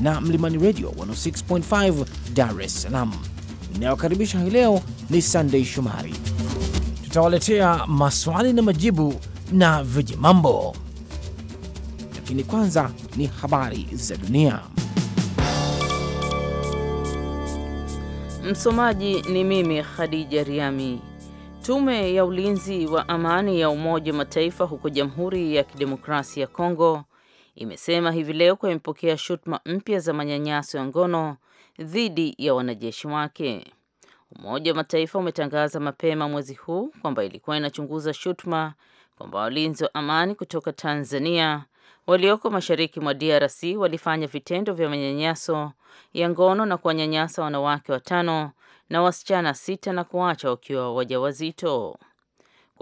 na Mlimani Radio 106.5 Dar es Salaam. Inayokaribisha hii leo ni Sunday shumari Tutawaletea maswali na majibu na vijimambo, lakini kwanza ni habari za dunia. Msomaji ni mimi Khadija Riami. Tume ya ulinzi wa amani ya Umoja wa Mataifa huko Jamhuri ya Kidemokrasia ya Kongo imesema hivi leo kuwa imepokea shutuma mpya za manyanyaso ya ngono dhidi ya wanajeshi wake. Umoja wa Mataifa umetangaza mapema mwezi huu kwamba ilikuwa inachunguza shutuma kwamba walinzi wa amani kutoka Tanzania walioko mashariki mwa DRC walifanya vitendo vya manyanyaso ya ngono na kuwanyanyasa wanawake watano na wasichana sita na kuacha wakiwa wajawazito.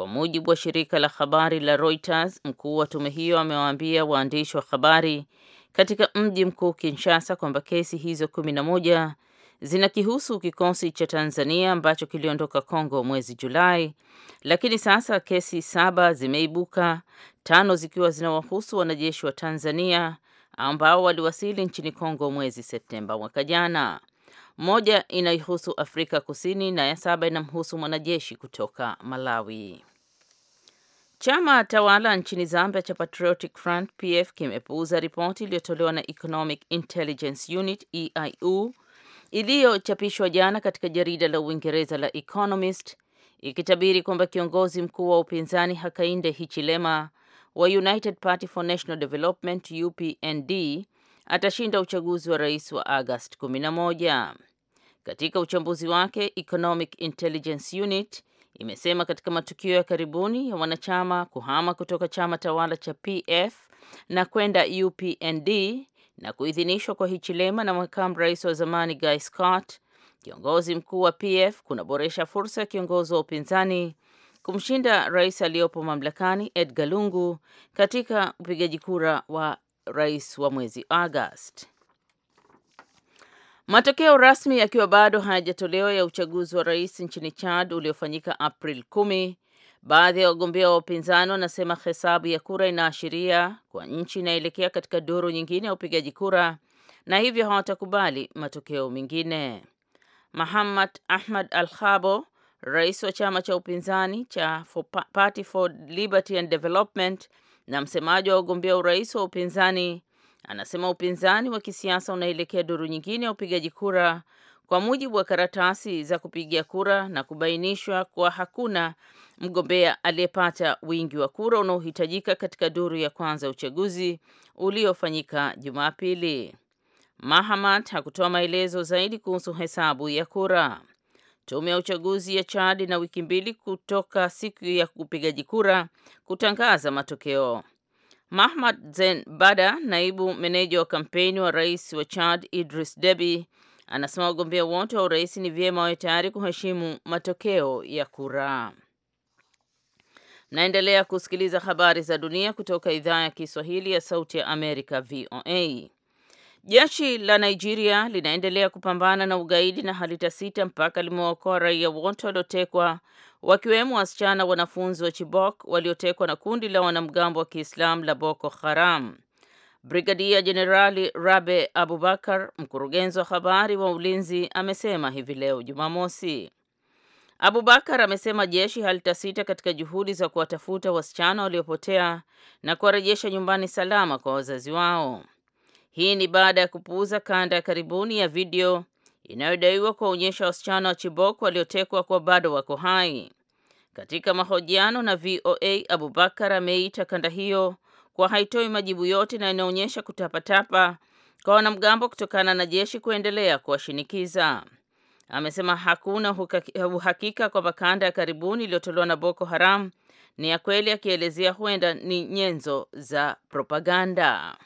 Kwa mujibu wa shirika la habari la Reuters, mkuu wa tume hiyo amewaambia waandishi wa habari katika mji mkuu Kinshasa kwamba kesi hizo kumi na moja zinakihusu kikosi cha Tanzania ambacho kiliondoka Kongo mwezi Julai, lakini sasa kesi saba zimeibuka, tano zikiwa zinawahusu wanajeshi wa Tanzania ambao waliwasili nchini Kongo mwezi Septemba mwaka jana. Moja inaihusu Afrika Kusini na ya saba inamhusu mwanajeshi kutoka Malawi. Chama tawala nchini Zambia cha Patriotic Front PF kimepuuza ripoti iliyotolewa na Economic Intelligence Unit EIU iliyochapishwa jana katika jarida la Uingereza la Economist ikitabiri kwamba kiongozi mkuu wa upinzani Hakainde Hichilema wa United Party for National Development UPND atashinda uchaguzi wa rais wa Agosti 11. Katika uchambuzi wake Economic Intelligence Unit imesema katika matukio ya karibuni ya wanachama kuhama kutoka chama tawala cha PF na kwenda UPND na kuidhinishwa kwa Hichilema na makamu rais wa zamani Guy Scott kiongozi mkuu wa PF kunaboresha fursa ya kiongozi wa upinzani kumshinda rais aliyopo mamlakani Edgar Lungu katika upigaji kura wa rais wa mwezi Agosti. Matokeo rasmi yakiwa bado hayajatolewa ya uchaguzi wa rais nchini Chad uliofanyika April 1 baadhi ya wagombea wa upinzani wanasema hesabu ya kura inaashiria kwa nchi inaelekea katika duru nyingine ya upigaji kura na hivyo hawatakubali matokeo mengine. Mahamad Ahmad Al habo rais wa chama cha upinzani cha for Party for Liberty and Development na msemaji wa wagombea urais wa upinzani anasema upinzani wa kisiasa unaelekea duru nyingine ya upigaji kura kwa mujibu wa karatasi za kupigia kura na kubainishwa kuwa hakuna mgombea aliyepata wingi wa kura unaohitajika katika duru ya kwanza ya uchaguzi uliofanyika Jumapili. Mahamat hakutoa maelezo zaidi kuhusu hesabu ya kura. Tume ya uchaguzi ya chadi na wiki mbili kutoka siku ya upigaji kura kutangaza matokeo. Mahmad Zen Bada, naibu meneja wa kampeni wa rais wa Chad Idris Deby, anasema wagombea wote wa urais ni vyema wawe tayari kuheshimu matokeo ya kura. Naendelea kusikiliza habari za dunia kutoka idhaa ya Kiswahili ya Sauti ya Amerika, VOA. Jeshi la Nigeria linaendelea kupambana na ugaidi na halitasita mpaka limewaokoa raia wote waliotekwa wakiwemo wasichana wanafunzi wa Chibok waliotekwa na kundi la wanamgambo wa Kiislamu la Boko Haram. Brigadia Jenerali Rabe Abubakar, mkurugenzi wa habari wa ulinzi, amesema hivi leo Jumamosi. Abubakar amesema jeshi halitasita katika juhudi za kuwatafuta wasichana waliopotea na kuwarejesha nyumbani salama kwa wazazi wao. Hii ni baada ya kupuuza kanda ya karibuni ya video inayodaiwa kuwaonyesha wasichana wa Chibok waliotekwa kwa bado wako hai. Katika mahojiano na VOA, Abubakar ameita kanda hiyo kwa haitoi majibu yote na inaonyesha kutapatapa kwa wanamgambo kutokana na jeshi kuendelea kuwashinikiza. Amesema hakuna uhakika kwamba kanda ya karibuni iliyotolewa na Boko Haram ni ya kweli, akielezea huenda ni nyenzo za propaganda.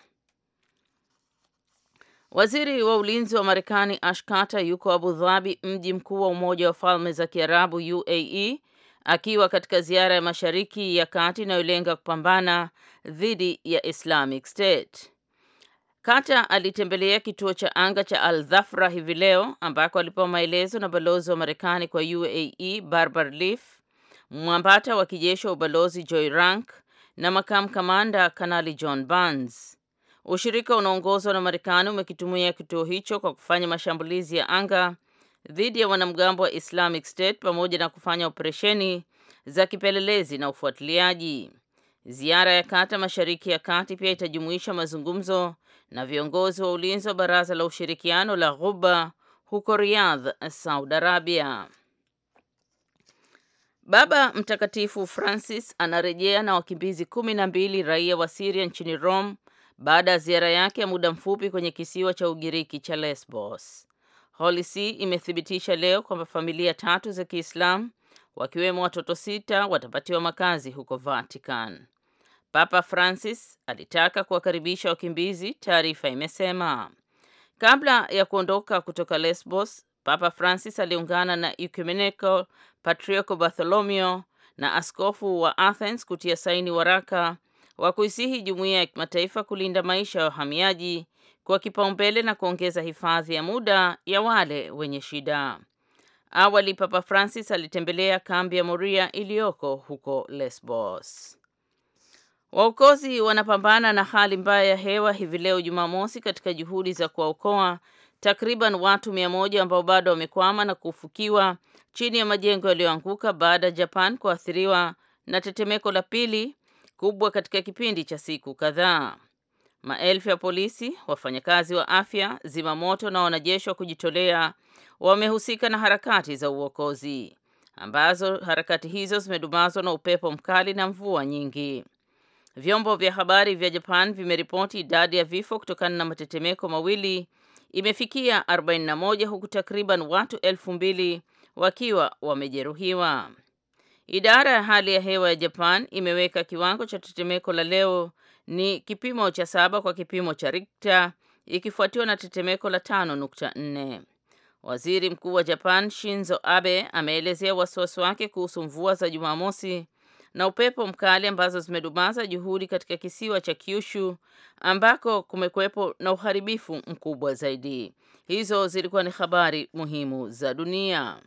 Waziri wa ulinzi wa Marekani Ash Carter yuko Abu Dhabi, mji mkuu wa Umoja wa Falme za Kiarabu UAE, akiwa katika ziara ya Mashariki ya Kati inayolenga kupambana dhidi ya Islamic State. Carter alitembelea kituo cha anga cha Al Dhafra hivi leo ambako alipewa maelezo na balozi wa Marekani kwa UAE Barbar Leaf, mwambata wa kijeshi wa ubalozi Joy Rank na makamu kamanda Kanali John Barnes. Ushirika unaongozwa na Marekani umekitumia kituo hicho kwa kufanya mashambulizi ya anga dhidi ya wanamgambo wa Islamic State pamoja na kufanya operesheni za kipelelezi na ufuatiliaji. Ziara ya kata Mashariki ya Kati pia itajumuisha mazungumzo na viongozi wa ulinzi wa Baraza la Ushirikiano la Ghuba huko Riyadh, Saudi Arabia. Baba Mtakatifu Francis anarejea na wakimbizi kumi na mbili raia wa Siria nchini Rome baada ya ziara yake ya muda mfupi kwenye kisiwa cha Ugiriki cha Lesbos. Holisi imethibitisha leo kwamba familia tatu za Kiislamu wakiwemo watoto sita watapatiwa makazi huko Vatican. Papa Francis alitaka kuwakaribisha wakimbizi, taarifa imesema. Kabla ya kuondoka kutoka Lesbos, Papa Francis aliungana na Ecumenical Patriarch Bartholomew na askofu wa Athens kutia saini waraka wa kuisihi jumuiya ya kimataifa kulinda maisha ya wahamiaji kwa kipaumbele na kuongeza hifadhi ya muda ya wale wenye shida. Awali Papa Francis alitembelea kambi ya Moria iliyoko huko Lesbos. Waokozi wanapambana na hali mbaya ya hewa hivi leo Jumamosi katika juhudi za kuwaokoa takriban watu mia moja ambao bado wamekwama na kufukiwa chini ya majengo yaliyoanguka baada ya Japan kuathiriwa na tetemeko la pili kubwa katika kipindi cha siku kadhaa. Maelfu ya polisi, wafanyakazi wa afya, zimamoto na wanajeshi wa kujitolea wamehusika na harakati za uokozi, ambazo harakati hizo zimedumazwa na upepo mkali na mvua nyingi. Vyombo vya habari vya Japan vimeripoti idadi ya vifo kutokana na matetemeko mawili imefikia 41 huku takriban watu elfu mbili wakiwa wamejeruhiwa. Idara ya hali ya hewa ya Japan imeweka kiwango cha tetemeko la leo ni kipimo cha saba kwa kipimo cha Richter ikifuatiwa na tetemeko la nne. Waziri Mkuu wa Japan Shinzo Abe ameelezea wasiwasi wake kuhusu mvua za Jumamosi na upepo mkali ambazo zimedumaza juhudi katika kisiwa cha Kyushu ambako kumekuwepo na uharibifu mkubwa zaidi. Hizo zilikuwa ni habari muhimu za dunia.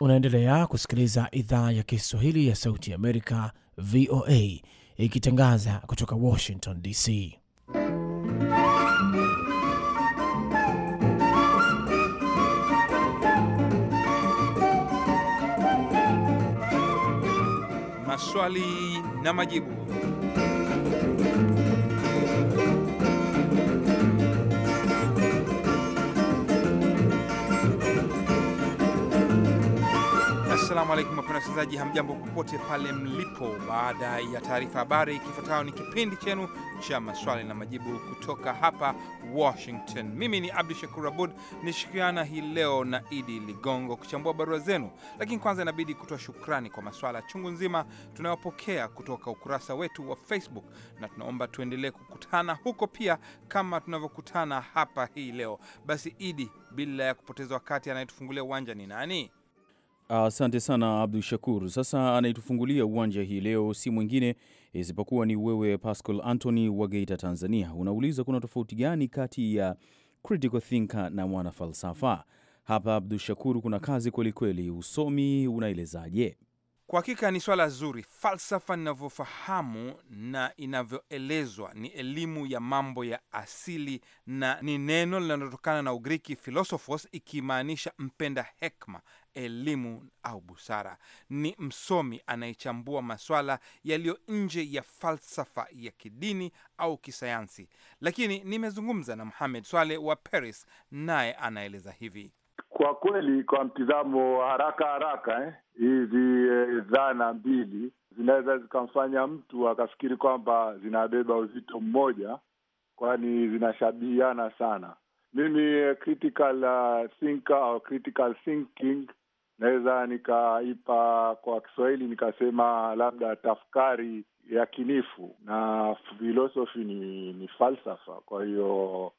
Unaendelea kusikiliza idhaa ya Kiswahili ya Sauti ya Amerika, VOA, ikitangaza kutoka Washington DC. Maswali na majibu. Assalamu alaikum wapenda wasikilizaji, hamjambo popote pale mlipo. Baada ya taarifa habari, kifuatayo ni kipindi chenu cha maswali na majibu kutoka hapa Washington. Mimi ni Abdu Shakur Abud nishikiana hii leo na Idi Ligongo kuchambua barua zenu, lakini kwanza inabidi kutoa shukrani kwa maswala chungu nzima tunayopokea kutoka ukurasa wetu wa Facebook, na tunaomba tuendelee kukutana huko pia kama tunavyokutana hapa hii leo. Basi Idi, bila ya kupoteza wakati, anayetufungulia uwanja ni nani? Asante sana Abdu Shakur. Sasa anayetufungulia uwanja hii leo si mwingine isipokuwa ni wewe Pascal Anthony wa Geita, Tanzania. Unauliza kuna tofauti gani kati ya critical thinker na mwanafalsafa? Hapa Abdu Shakur, kuna kazi kwelikweli. Usomi unaelezaje? Kwa hakika ni swala zuri. Falsafa inavyofahamu na inavyoelezwa ni elimu ya mambo ya asili, na ni neno linalotokana na Ugiriki philosophos, ikimaanisha mpenda hekma, elimu au busara. Ni msomi anayechambua maswala yaliyo nje ya falsafa ya kidini au kisayansi. Lakini nimezungumza na Muhamed Swaleh wa Paris, naye anaeleza hivi. Kwa kweli, kwa mtizamo haraka haraka eh, hizi eh, dhana mbili zinaweza zikamfanya mtu akafikiri kwamba zinabeba uzito mmoja, kwani zinashabihiana sana. Mimi eh, critical ah, thinker au critical thinking naweza nikaipa kwa Kiswahili nikasema labda tafakari ya kinifu, na filosofi ni, ni falsafa. Kwa hiyo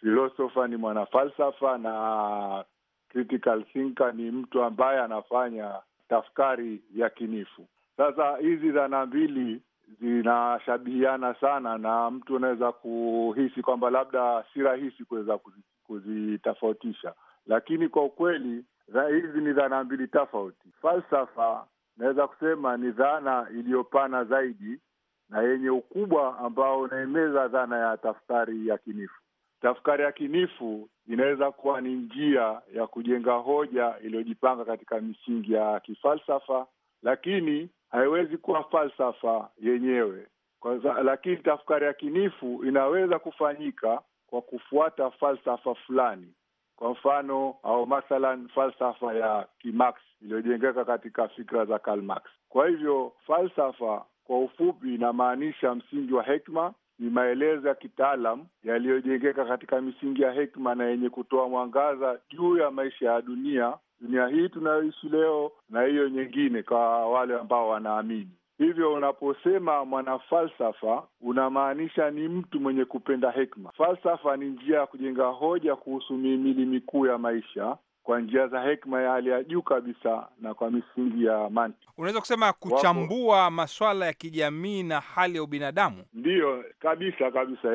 filosofa ni mwanafalsafa na critical thinker ni mtu ambaye anafanya tafakari kinifu Sasa hizi dhana mbili zinashabihiana sana, na mtu unaweza kuhisi kwamba labda si rahisi kuweza kuzitofautisha, lakini kwa ukweli hizi ni dhana mbili tofauti. Falsafa naweza kusema ni dhana iliyopana zaidi na yenye ukubwa ambao unaemeza dhana ya tafakari yakinifu. Tafakari kinifu inaweza kuwa ni njia ya kujenga hoja iliyojipanga katika misingi ya kifalsafa, lakini haiwezi kuwa falsafa yenyewe kwanza. Lakini tafakari ya kinifu inaweza kufanyika kwa kufuata falsafa fulani, kwa mfano au mathalan falsafa ya Kimax iliyojengeka katika fikra za Karl Marx. Kwa hivyo falsafa kwa ufupi inamaanisha msingi wa hekima, ni maelezo ya kitaalam yaliyojengeka katika misingi ya hekima na yenye kutoa mwangaza juu ya maisha ya dunia, dunia hii tunayoishi leo na hiyo nyingine, kwa wale ambao wanaamini Hivyo unaposema mwanafalsafa unamaanisha ni mtu mwenye kupenda hekma Falsafa ni njia ya kujenga hoja kuhusu mihimili mikuu ya maisha kwa njia za hekima ya hali ya juu kabisa na kwa misingi ya mantiki. Unaweza kusema kuchambua Wapo. maswala ya kijamii na hali ya ubinadamu, ndiyo kabisa kabisa,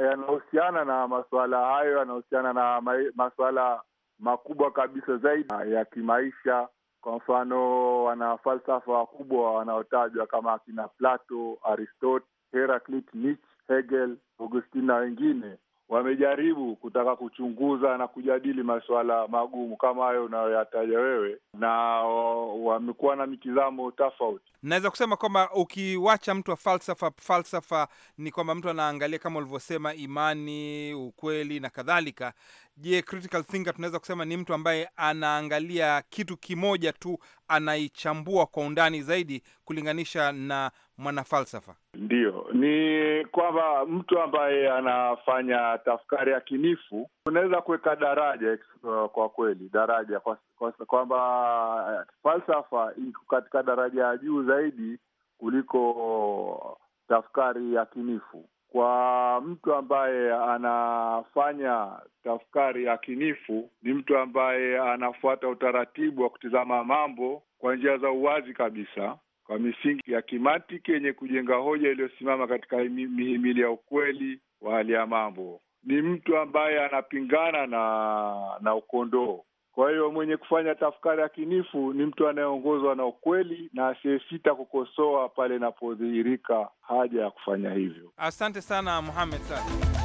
yanahusiana ya na maswala hayo, yanahusiana na ma, maswala makubwa kabisa zaidi ya kimaisha. Kwa mfano, wana falsafa wakubwa wanaotajwa kama akina Plato, Aristotle, Heraclit, Nietzsche, Hegel, Augustine na wengine wamejaribu kutaka kuchunguza na kujadili masuala magumu kama hayo unayoyataja wewe, na wamekuwa na mitizamo tofauti. Naweza kusema kwamba ukiwacha mtu wa falsafa, falsafa ni kwamba mtu anaangalia kama ulivyosema, imani, ukweli na kadhalika, Je, critical thinker tunaweza kusema ni mtu ambaye anaangalia kitu kimoja tu, anaichambua kwa undani zaidi kulinganisha na mwanafalsafa? Ndiyo, ni kwamba mtu ambaye anafanya tafakari kinifu Unaweza kuweka daraja kwa kweli, daraja kwamba falsafa iko katika daraja ya juu zaidi kuliko tafakari kinifu kwa mtu ambaye anafanya tafakari yakinifu, ni mtu ambaye anafuata utaratibu wa kutizama mambo kwa njia za uwazi kabisa, kwa misingi ya kimantiki yenye kujenga hoja iliyosimama katika mihimili ya ukweli wa hali ya mambo. Ni mtu ambaye anapingana na na ukondoo kwa hiyo mwenye kufanya tafakari yakinifu ni mtu anayeongozwa na ukweli na asiyesita kukosoa pale inapodhihirika haja ya kufanya hivyo. Asante sana Muhamed Sali.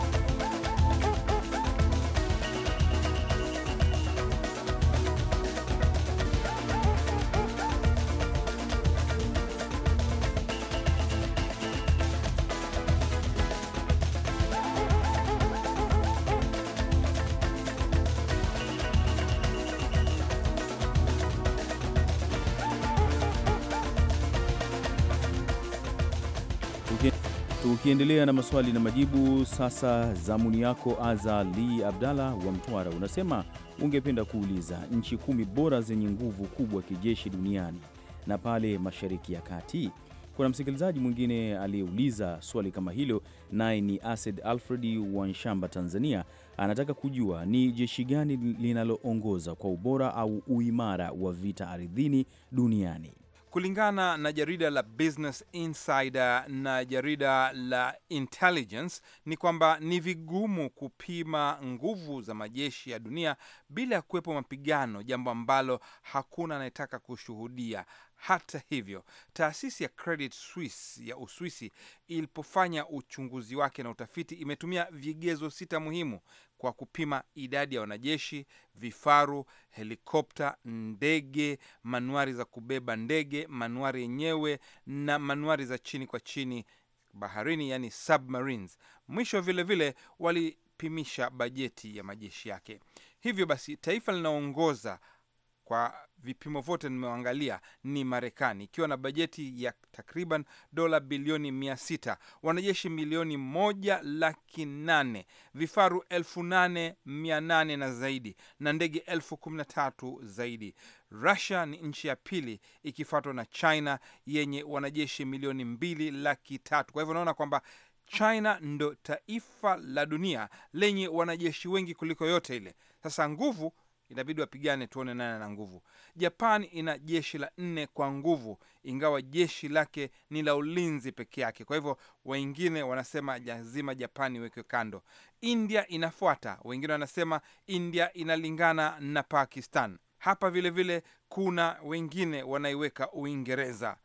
Tukiendelea na maswali na majibu sasa, zamuni yako aza Azali Abdalla wa Mtwara unasema ungependa kuuliza nchi kumi bora zenye nguvu kubwa kijeshi duniani na pale Mashariki ya Kati. Kuna msikilizaji mwingine aliyeuliza swali kama hilo, naye ni Ased Alfredi wa Nshamba, Tanzania. Anataka kujua ni jeshi gani linaloongoza kwa ubora au uimara wa vita ardhini duniani. Kulingana na jarida la Business Insider na jarida la Intelligence ni kwamba ni vigumu kupima nguvu za majeshi ya dunia bila ya kuwepo mapigano, jambo ambalo hakuna anayetaka kushuhudia. Hata hivyo, taasisi ya Credit Suisse ya Uswisi ilipofanya uchunguzi wake na utafiti, imetumia vigezo sita muhimu kwa kupima idadi ya wanajeshi, vifaru, helikopta, ndege, manuari za kubeba ndege, manuari yenyewe na manuari za chini kwa chini baharini, yani submarines. Mwisho vilevile walipimisha bajeti ya majeshi yake. Hivyo basi, taifa linaongoza kwa vipimo vyote nimeangalia, ni Marekani ikiwa na bajeti ya takriban dola bilioni mia sita, wanajeshi milioni moja laki nane, vifaru elfu nane mia nane na zaidi, na ndege elfu kumi na tatu zaidi. Rusia ni nchi ya pili ikifuatwa na China yenye wanajeshi milioni mbili laki tatu. Kwa hivyo unaona kwamba China ndo taifa la dunia lenye wanajeshi wengi kuliko yote ile. Sasa nguvu inabidi wapigane, tuone nani ana nguvu. Japan ina jeshi la nne kwa nguvu, ingawa jeshi lake ni la ulinzi peke yake. Kwa hivyo wengine wanasema lazima Japan iwekwe kando. India inafuata, wengine wanasema India inalingana na Pakistan. Hapa vilevile vile, kuna wengine wanaiweka Uingereza,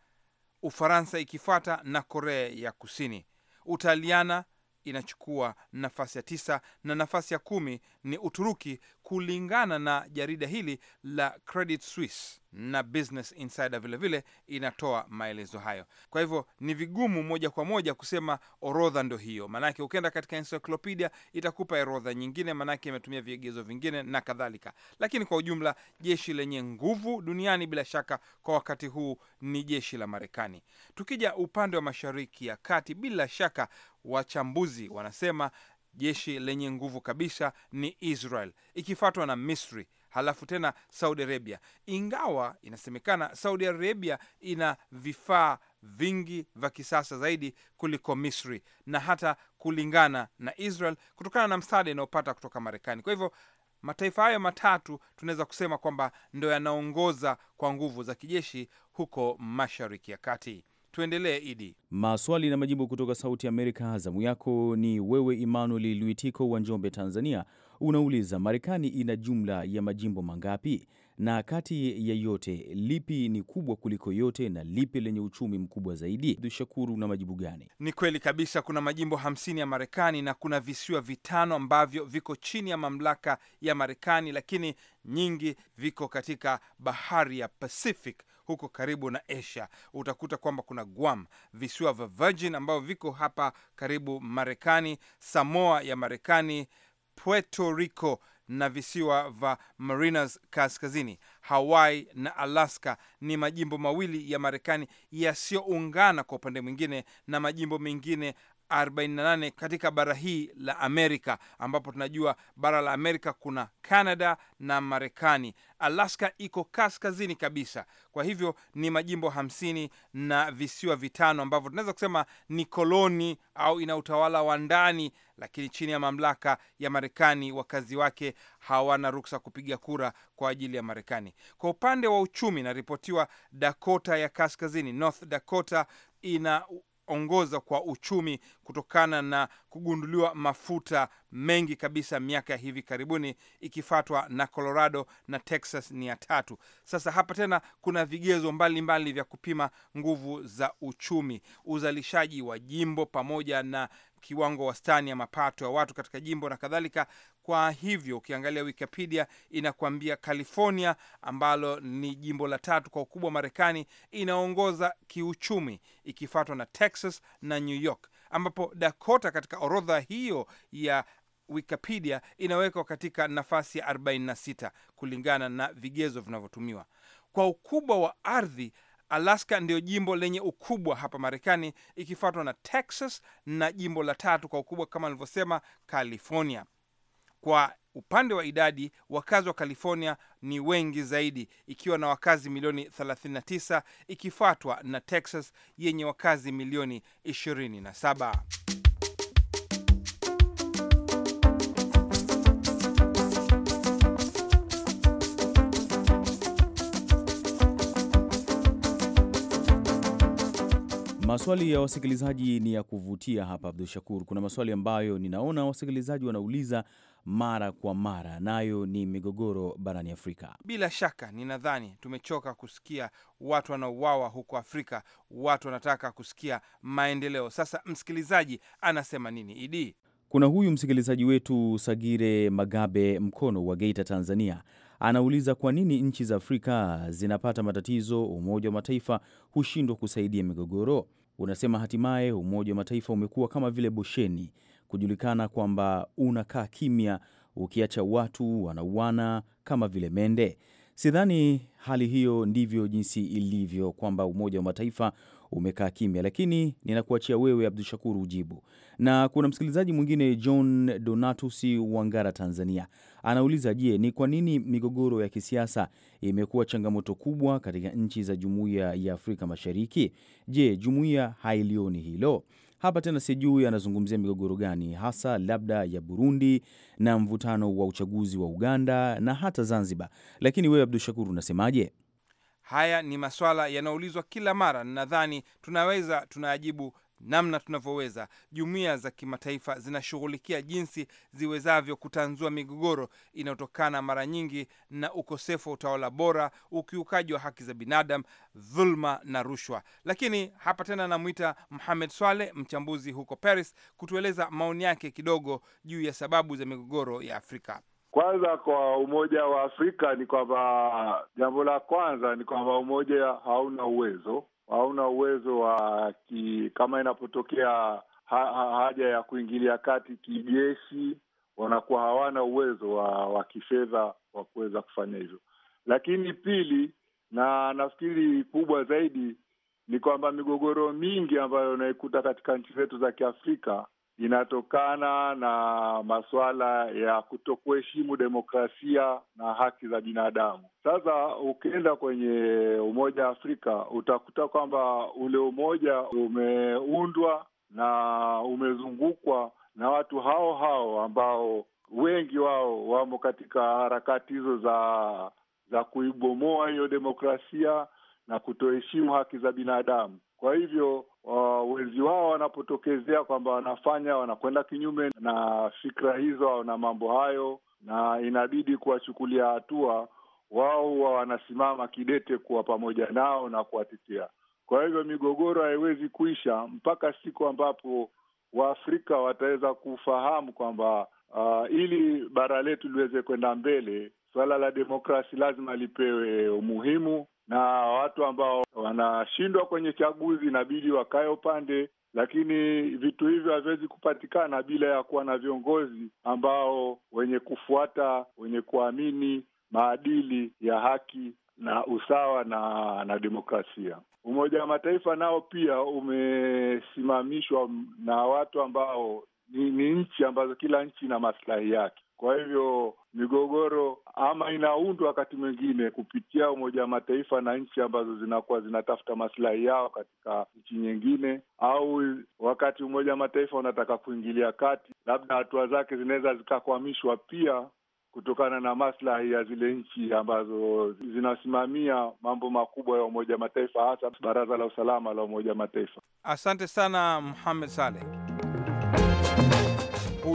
Ufaransa ikifuata na Korea ya Kusini, Utaliana inachukua nafasi ya tisa na nafasi ya kumi ni Uturuki kulingana na jarida hili la Credit Suisse na Business Insider vilevile vile inatoa maelezo hayo. Kwa hivyo ni vigumu moja kwa moja kusema orodha ndo hiyo, maanake ukienda katika encyclopedia itakupa orodha nyingine, maanake imetumia vigezo vingine na kadhalika. Lakini kwa ujumla, jeshi lenye nguvu duniani bila shaka kwa wakati huu ni jeshi la Marekani. Tukija upande wa Mashariki ya Kati, bila shaka wachambuzi wanasema jeshi lenye nguvu kabisa ni Israel ikifuatwa na Misri halafu tena Saudi Arabia, ingawa inasemekana Saudi Arabia ina vifaa vingi vya kisasa zaidi kuliko Misri na hata kulingana na Israel kutokana na msaada inayopata kutoka Marekani. Kwa hivyo mataifa hayo matatu tunaweza kusema kwamba ndo yanaongoza kwa nguvu za kijeshi huko Mashariki ya Kati. Tuendelee Idi, maswali na majibu kutoka Sauti Amerika. Zamu yako ni wewe Emmanuel Luitiko wa Njombe, Tanzania unauliza Marekani ina jumla ya majimbo mangapi, na kati ya yote lipi ni kubwa kuliko yote na lipi lenye uchumi mkubwa zaidi? Dushakuru, na majibu gani? Ni kweli kabisa, kuna majimbo hamsini ya Marekani na kuna visiwa vitano ambavyo viko chini ya mamlaka ya Marekani, lakini nyingi viko katika bahari ya Pacific huko karibu na Asia. Utakuta kwamba kuna Guam, visiwa vya Virgin ambavyo viko hapa karibu Marekani, Samoa ya Marekani, Puerto Rico na visiwa vya marinas Kaskazini. Hawaii na Alaska ni majimbo mawili ya Marekani yasiyoungana kwa upande mwingine na majimbo mengine 48 katika bara hii la Amerika, ambapo tunajua bara la Amerika kuna Canada na Marekani. Alaska iko kaskazini kabisa, kwa hivyo ni majimbo hamsini na visiwa vitano ambavyo tunaweza kusema ni koloni au ina utawala wa ndani, lakini chini ya mamlaka ya Marekani. Wakazi wake hawana ruksa kupiga kura kwa ajili ya Marekani. Kwa upande wa uchumi, inaripotiwa Dakota ya kaskazini, North Dakota ina ongoza kwa uchumi kutokana na kugunduliwa mafuta mengi kabisa miaka ya hivi karibuni, ikifatwa na Colorado na Texas ni ya tatu. Sasa hapa tena kuna vigezo mbalimbali mbali vya kupima nguvu za uchumi, uzalishaji wa jimbo pamoja na kiwango wastani ya mapato ya watu katika jimbo na kadhalika. Kwa hivyo ukiangalia Wikipedia inakuambia California, ambalo ni jimbo la tatu kwa ukubwa Marekani, inaongoza kiuchumi ikifuatwa na Texas na New York, ambapo Dakota katika orodha hiyo ya Wikipedia inawekwa katika nafasi ya 46 kulingana na vigezo vinavyotumiwa kwa ukubwa wa ardhi. Alaska ndiyo jimbo lenye ukubwa hapa Marekani, ikifuatwa na Texas na jimbo la tatu kwa ukubwa kama alivyosema California. Kwa upande wa idadi, wakazi wa California ni wengi zaidi, ikiwa na wakazi milioni 39 ikifuatwa na Texas yenye wakazi milioni 27. Maswali ya wasikilizaji ni ya kuvutia hapa, Abdu Shakur. Kuna maswali ambayo ninaona wasikilizaji wanauliza mara kwa mara, nayo ni migogoro barani Afrika. Bila shaka, ninadhani tumechoka kusikia watu wanauawa huko Afrika. Watu wanataka kusikia maendeleo. Sasa msikilizaji anasema nini? Idi, kuna huyu msikilizaji wetu Sagire Magabe Mkono wa Geita, Tanzania anauliza kwa nini nchi za Afrika zinapata matatizo, Umoja wa Mataifa hushindwa kusaidia migogoro? Unasema hatimaye Umoja wa Mataifa umekuwa kama vile bosheni kujulikana kwamba unakaa kimya ukiacha watu wanauana kama vile mende. Sidhani hali hiyo ndivyo jinsi ilivyo, kwamba Umoja wa Mataifa umekaa kimya, lakini ninakuachia wewe Abdu Shakur ujibu. Na kuna msikilizaji mwingine John Donatus wangara Tanzania, anauliza je, ni kwa nini migogoro ya kisiasa imekuwa changamoto kubwa katika nchi za Jumuiya ya Afrika Mashariki? Je, jumuiya hailioni hilo? Hapa tena sijui anazungumzia migogoro gani hasa, labda ya Burundi na mvutano wa uchaguzi wa Uganda na hata Zanzibar. Lakini wewe Abdu Shakur, unasemaje? Haya ni maswala yanaoulizwa kila mara, nadhani tunaweza tunayajibu namna tunavyoweza. Jumuiya za kimataifa zinashughulikia jinsi ziwezavyo kutanzua migogoro inayotokana mara nyingi na ukosefu wa utawala bora, ukiukaji wa haki za binadamu, dhulma na rushwa. Lakini hapa tena namwita Muhamed Swaleh, mchambuzi huko Paris, kutueleza maoni yake kidogo juu ya sababu za migogoro ya Afrika. Kwanza kwa Umoja wa Afrika ni kwamba jambo la kwanza ni kwamba umoja hauna uwezo hauna uwezo wa ki, kama inapotokea ha, ha, haja ya kuingilia kati kijeshi, wanakuwa hawana uwezo wa, wa kifedha wa kuweza kufanya hivyo. Lakini pili, na nafikiri kubwa zaidi ni kwamba migogoro mingi ambayo unaikuta katika nchi zetu za Kiafrika inatokana na masuala ya kutokuheshimu demokrasia na haki za binadamu. Sasa ukienda kwenye Umoja wa Afrika utakuta kwamba ule umoja umeundwa na umezungukwa na watu hao hao ambao wengi wao wamo katika harakati hizo za za kuibomoa hiyo demokrasia na kutoheshimu haki za binadamu. Kwa hivyo uh, wezi wao wanapotokezea kwamba wanafanya wanakwenda kinyume na fikra hizo na mambo hayo, na inabidi kuwachukulia hatua, wao huwa wanasimama kidete kuwa pamoja nao na kuwatetea. Kwa hivyo migogoro haiwezi kuisha mpaka siku ambapo Waafrika wataweza kufahamu kwamba uh, ili bara letu liweze kwenda mbele, suala la demokrasi lazima lipewe umuhimu na watu ambao wanashindwa kwenye chaguzi inabidi wakae upande, lakini vitu hivyo haviwezi kupatikana bila ya kuwa na viongozi ambao wenye kufuata, wenye kuamini maadili ya haki na usawa na na demokrasia. Umoja wa Mataifa nao pia umesimamishwa na watu ambao ni, ni nchi ambazo kila nchi ina maslahi yake. Kwa hivyo migogoro ama inaundwa wakati mwingine kupitia Umoja wa Mataifa na nchi ambazo zinakuwa zinatafuta masilahi yao katika nchi nyingine, au wakati Umoja wa Mataifa unataka kuingilia kati, labda hatua zake zinaweza zikakwamishwa pia kutokana na maslahi ya zile nchi ambazo zinasimamia mambo makubwa ya Umoja wa Mataifa, hasa Baraza la Usalama la Umoja wa Mataifa. Asante sana Muhamed Saleh.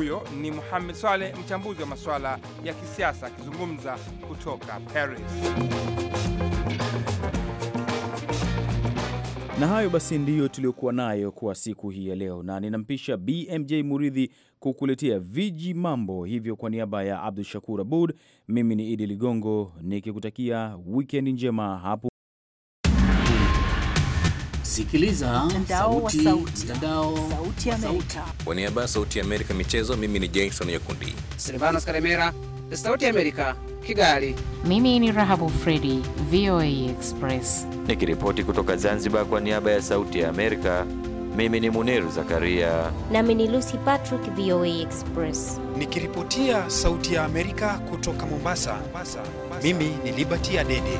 Huyo ni Muhamed swaleh mchambuzi wa masuala ya kisiasa akizungumza kutoka Paris. Na hayo basi ndiyo tuliyokuwa nayo kwa siku hii ya leo, na ninampisha BMJ Muridhi kukuletea viji mambo. Hivyo, kwa niaba ya Abdu Shakur Abud, mimi ni Idi Ligongo nikikutakia wikendi njema hapo Sikiliza mtandao sauti, mtandao sauti ya Amerika. Kwa niaba ya sauti ya Amerika michezo, mimi ni Jason Yakundi. Silvanos Karemera, sauti ya Amerika, Kigali. Mimi ni Rahabu Fredi, VOA Express. Nikiripoti kutoka Zanzibar kwa niaba ya sauti ya Amerika. Mimi ni Muniru Zakaria. Nami ni Lucy Patrick, VOA Express. Nikiripotia sauti ya Amerika kutoka Mombasa, Mombasa, Mombasa. Mimi ni Liberty Adede.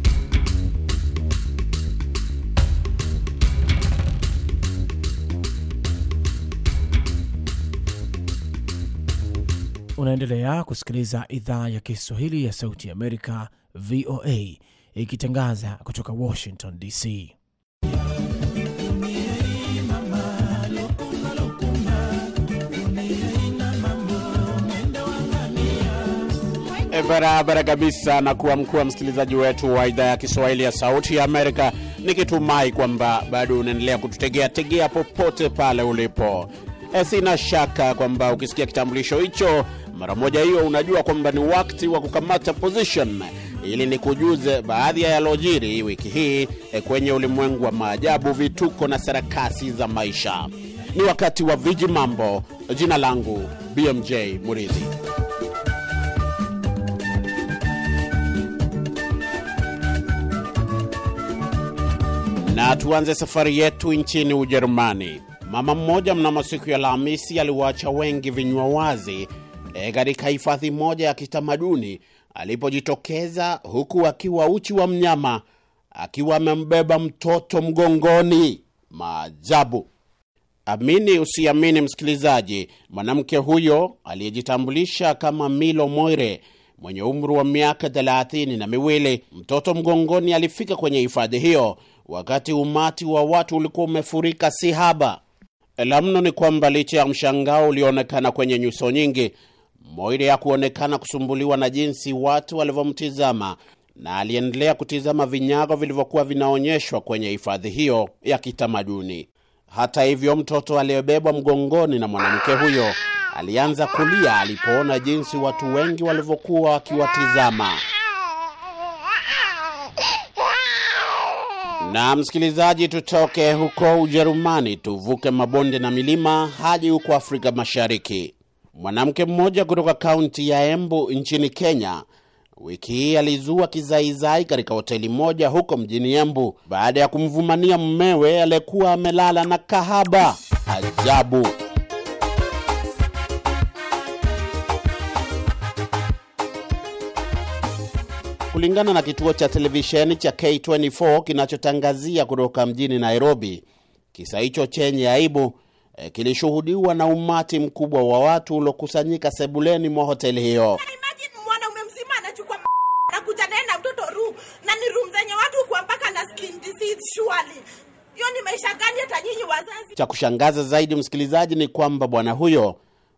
Unaendelea kusikiliza idhaa ya Kiswahili ya Sauti ya Amerika, VOA, ikitangaza kutoka Washington DC. E, barabara kabisa na kuwa mkuu wa msikilizaji wetu wa idhaa ya Kiswahili ya Sauti ya Amerika, nikitumai kwamba bado unaendelea kututegea tegea popote pale ulipo. E, sina shaka kwamba ukisikia kitambulisho hicho mara moja hiyo unajua kwamba ni wakati wa kukamata position ili ni baadhi ya yalojiri wiki hii eh, kwenye ulimwengu wa maajabu, vituko na sarakasi za maisha. Ni wakati wa viji mambo. Jina langu BMJ Muridhi. Na tuanze safari yetu nchini Ujerumani. Mama mmoja mnamo siku ya Alhamisi aliwaacha wengi vinywa wazi E, katika e, hifadhi moja ya kitamaduni alipojitokeza huku akiwa uchi wa mnyama akiwa amembeba mtoto mgongoni. Maajabu! Amini usiamini, msikilizaji, mwanamke huyo aliyejitambulisha kama Milo Moire mwenye umri wa miaka thelathini na miwili, mtoto mgongoni, alifika kwenye hifadhi hiyo wakati umati wa watu ulikuwa umefurika sihaba. La mno ni kwamba licha ya mshangao ulioonekana kwenye nyuso nyingi, Moire ya kuonekana kusumbuliwa na jinsi watu walivyomtizama na aliendelea kutizama vinyago vilivyokuwa vinaonyeshwa kwenye hifadhi hiyo ya kitamaduni. Hata hivyo, mtoto aliyebebwa mgongoni na mwanamke huyo alianza kulia alipoona jinsi watu wengi walivyokuwa wakiwatizama. Na msikilizaji, tutoke huko Ujerumani tuvuke mabonde na milima hadi huko Afrika Mashariki. Mwanamke mmoja kutoka kaunti ya Embu nchini Kenya wiki hii alizua kizaizai katika hoteli moja huko mjini Embu baada ya kumvumania mmewe aliyekuwa amelala na kahaba. Ajabu! Kulingana na kituo cha televisheni cha K24 kinachotangazia kutoka mjini Nairobi, kisa hicho chenye aibu Eh, kilishuhudiwa na umati mkubwa wa watu uliokusanyika sebuleni mwa hoteli hiyo. Cha kushangaza zaidi, msikilizaji, ni kwamba bwana huyo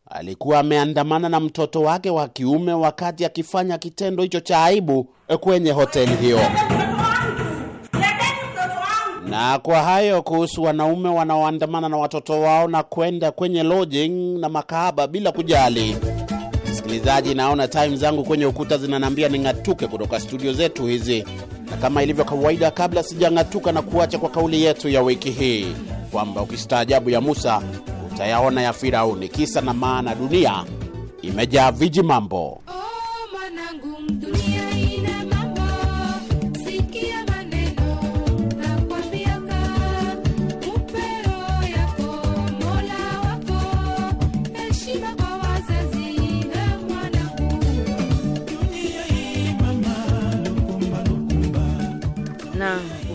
alikuwa ameandamana na mtoto wake wa kiume wakati akifanya kitendo hicho cha aibu eh, kwenye hoteli hiyo. Na kwa hayo kuhusu wanaume wanaoandamana na watoto wao na kwenda kwenye lodging na makahaba bila kujali. Msikilizaji, naona time zangu kwenye ukuta zinanambia ning'atuke kutoka studio zetu hizi, na kama ilivyo kawaida, kabla sijang'atuka na kuacha kwa kauli yetu ya wiki hii kwamba ukistaajabu ya Musa utayaona ya Firauni. Kisa na maana, dunia imejaa viji mambo. Oh,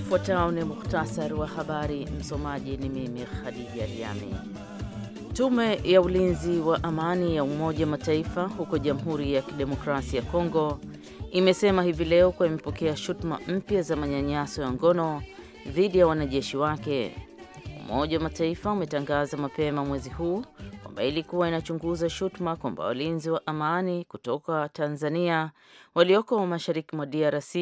Ufuatao ni muhtasari wa habari. Msomaji ni mimi Khadija Riami. Tume ya ulinzi wa amani ya Umoja wa Mataifa huko Jamhuri ya Kidemokrasia ya Kongo imesema hivi leo kuwa imepokea shutuma mpya za manyanyaso ya ngono dhidi ya wanajeshi wake. Umoja wa Mataifa umetangaza mapema mwezi huu ambayo ilikuwa inachunguza shutuma kwamba walinzi wa amani kutoka Tanzania walioko mashariki mwa DRC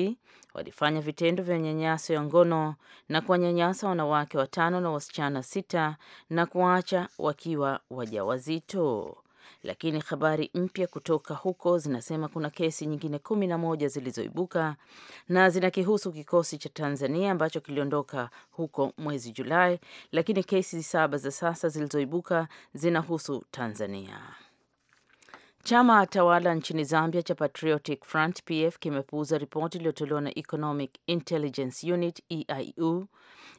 walifanya vitendo vya nyanyaso ya ngono na kuwanyanyasa wanawake watano na wasichana sita na kuwaacha wakiwa wajawazito lakini habari mpya kutoka huko zinasema kuna kesi nyingine kumi na moja zilizoibuka na zinakihusu kikosi cha Tanzania ambacho kiliondoka huko mwezi Julai, lakini kesi saba za sasa zilizoibuka zinahusu Tanzania. Chama tawala nchini Zambia cha Patriotic Front PF kimepuuza ripoti iliyotolewa na Economic Intelligence Unit EIU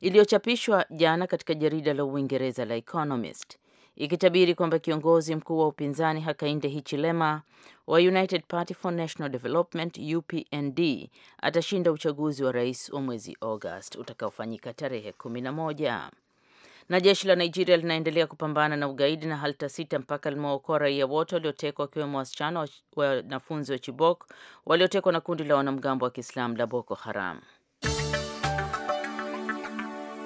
iliyochapishwa jana katika jarida la Uingereza la Economist ikitabiri kwamba kiongozi mkuu wa upinzani Hakainde Hichilema wa United Party for National Development UPND atashinda uchaguzi wa rais wa mwezi August utakaofanyika tarehe 11. Na jeshi la Nigeria linaendelea kupambana na ugaidi na halitasita mpaka limewaokoa raia wote waliotekwa wakiwemo wasichana wanafunzi wa Chibok waliotekwa na kundi la wanamgambo wa Kiislamu la Boko Haram.